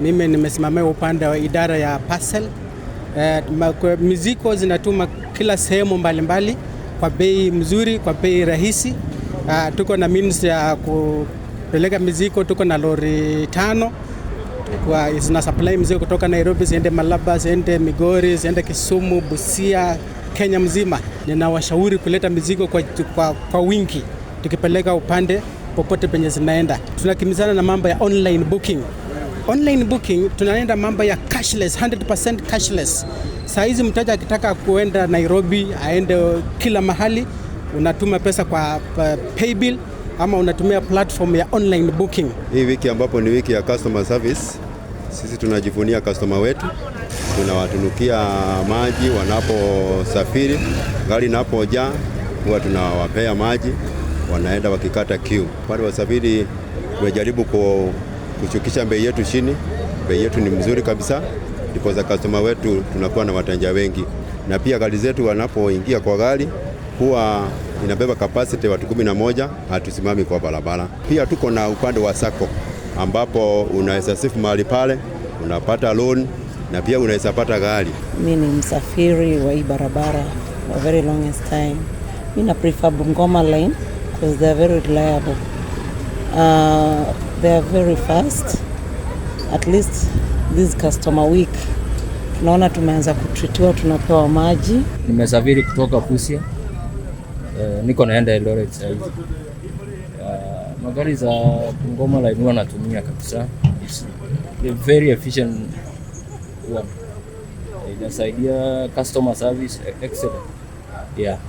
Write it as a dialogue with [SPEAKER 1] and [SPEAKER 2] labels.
[SPEAKER 1] Mimi nimesimamia upande wa idara ya parcel. E, eh, mizigo zinatuma kila sehemu mbalimbali kwa bei mzuri, kwa bei rahisi. A, ah, tuko na means ya kupeleka mizigo, tuko na lori tano kwa zina supply mzigo kutoka Nairobi ziende Malaba, ziende Migori, ziende Kisumu, Busia, Kenya mzima. Ninawashauri kuleta mizigo kwa, kwa, kwa wingi tukipeleka upande popote penye zinaenda. Tunakimizana na mambo ya online booking online booking tunaenda mambo ya cashless, 100% cashless. Saa hizi mteja akitaka kuenda Nairobi aende kila mahali, unatuma pesa kwa paybill ama unatumia platform ya online booking.
[SPEAKER 2] Hii wiki ambapo ni wiki ya customer service, sisi tunajivunia customer wetu, tunawatunukia maji wanaposafiri, gari inapojaa huwa tunawapea maji, wanaenda wakikata queue. Wale wasafiri tunajaribu ku kushukisha bei yetu chini. Bei yetu ni mzuri kabisa, ndipo za customer wetu tunakuwa na wateja wengi, na pia gari zetu wanapoingia kwa gari huwa inabeba kapasiti watu kumi na moja. Hatusimami kwa barabara. Pia tuko na upande wa sako ambapo unaweza sifu mahali pale, unapata loan na pia unaweza pata gari.
[SPEAKER 3] Mimi ni msafiri wa hii barabara for very longest time. Mimi na prefer Bungoma line because they are very reliable. Uh, they are very fast. At least this customer week tunaona tumeanza kutritiwa, tunapewa maji.
[SPEAKER 4] Nimesafiri kutoka kusia uh, eh, niko naenda Eldoret sasa Uh, eh, magari za kungoma line huwa natumia kabisa. It's very efficient one. Eh, inasaidia customer service excellent. Yeah.